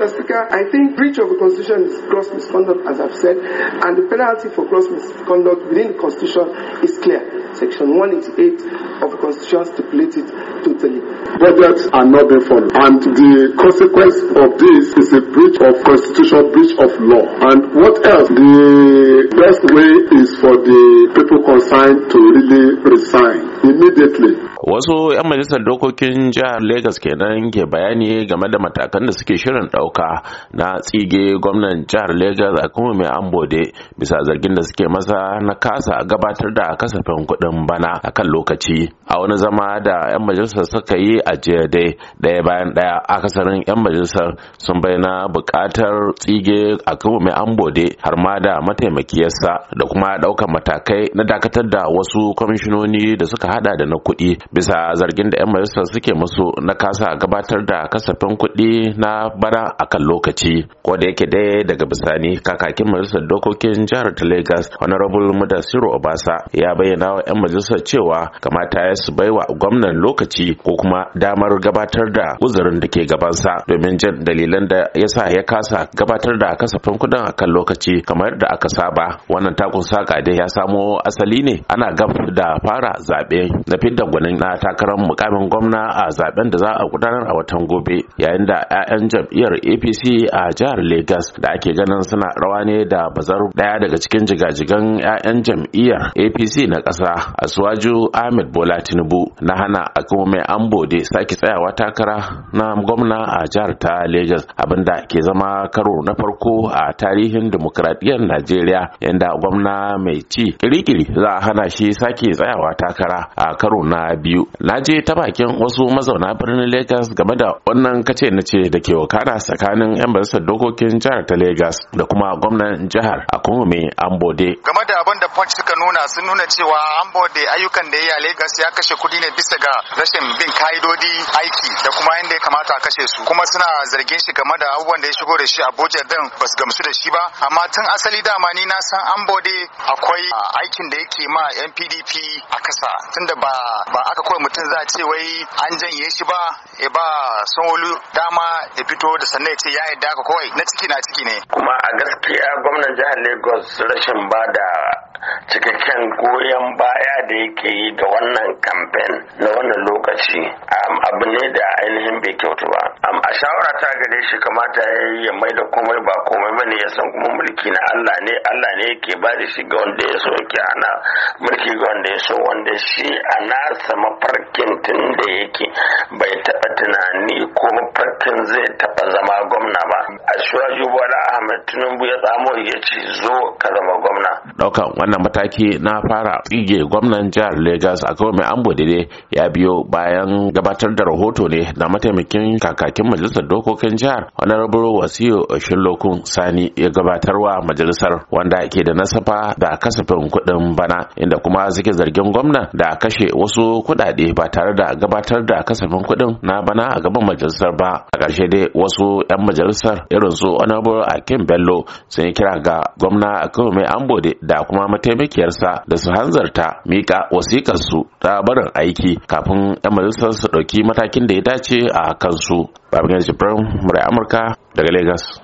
Mr. Speaker, I think breach of the Constitution is gross misconduct, as I've said, and the penalty for gross misconduct within the Constitution is clear. Section 188 of the Constitution stipulated totally. Budgets are not being followed, and the consequence of this is a breach of Constitution breach of law. And what else? The best way is for the people concerned to really resign immediately wasu 'yan majalisar dokokin jihar lagos kenan ke bayani game da matakan da suke shirin ɗauka na tsige gwamnan jihar lagos a kuma mai ambode bisa zargin da suke masa na kasa gabatar da kasafin kuɗin bana a kan lokaci a wani zama da 'yan majalisar suka yi a jiya dai ɗaya bayan ɗaya akasarin 'yan majalisar sun bayyana buƙatar tsige a kuma mai ambode har ma da mataimakiyarsa da kuma ɗaukar matakai na dakatar da wasu kwamishinoni da suka hada da na kuɗi bisa zargin da 'yan majalisar suke musu na kasa gabatar da kasafin kuɗi na bana akan lokaci ko da yake dai daga bisani kakakin majalisar dokokin jihar ta lagos honorable mudasiru obasa ya bayyana wa 'yan majalisar cewa kamata ya su baiwa gwamnan lokaci ko kuma damar gabatar da uzurin da ke gabansa domin jin dalilan da ya sa ya kasa gabatar da kasafin kuɗin akan lokaci kamar da aka saba wannan takun saka dai ya samo asali ne ana gab da fara zaɓe na fidda gwanin na takarar mukamin gwamna a zaben da za a gudanar a watan gobe yayin da 'ya'yan jam'iyyar apc a jihar Legas da ake ganin suna rawa ne da bazar daya daga cikin jigajigan 'ya'yan jam'iyyar apc na ƙasa suwaju ahmed bola tinubu na hana mai ambode sake tsayawa takara na gwamna a jihar ta lagos abinda ke zama karo na farko a tarihin dimokuraɗiyyar najeriya yadda gwamna mai ci kirikiri za a hana shi sake tsayawa takara a karo na biyu biyu na je ta bakin wasu mazauna birnin lagos game da wannan kace na ce da ke wakana tsakanin yan majalisar dokokin jihar ta lagos da kuma gwamnan jihar akume ambode game da abin da punch suka nuna sun nuna cewa ambode ayyukan da ya yi a lagos ya kashe kuɗi ne bisa ga rashin bin ka'idodi aiki da kuma yadda ya kamata a kashe su kuma suna zargin shi game da abubuwan da ya shigo da shi abuja din ba su gamsu da shi ba amma tun asali dama ni na san ambode akwai aikin da yake ma NPDP pdp a kasa tunda ba ba haka kawai mutum za a ce wai an janye shi ba ya ba sanwolu dama ya fito da sannan ya ce ya yadda haka kawai na ciki na ciki ne kuma a gaskiya gwamnan jihar lagos rashin ba da cikakken goyon baya da yake yi ga wannan kamfen na wannan lokaci um, abu ne da ainihin bai kyautu ta gare shi kamata ya yi ya mai da komai ba komai bane ya san kuma mulki na Allah ne Allah ne yake ba da shi ga wanda ya so yake ana mulki ga wanda ya so wanda shi a nasa mafarkin tun da yake bai taɓa tunani ko mafarkin zai taɓa zama gwamna ba a shura jubuwar Ahmed Tinubu ya tsamo ya ce zo ka zama daukan wannan mataki na fara tsige gwamnan jihar Legas a kawai mai ambo ya biyo bayan gabatar da rahoto ne da mataimakin kakakin majalisar dokokin jihar honorable wasiyo shillokun sani ya gabatarwa majalisar wanda ke da nasafa da kasafin kuɗin bana inda kuma suke zargin gwamna da kashe wasu kuɗaɗe ba tare da gabatar da kasafin kuɗin na bana a gaban majalisar ba a ƙarshe dai wasu 'yan majalisar irin su honorable akin bello sun yi kira ga gwamna a kawai mai ambo da A kuma mataimakiyarsa da su hanzarta mika wasikar su ta barin aiki kafin 'yan majalisar su ɗauki matakin da ya dace a kansu. gani Jibrin Murai Amurka daga Legas.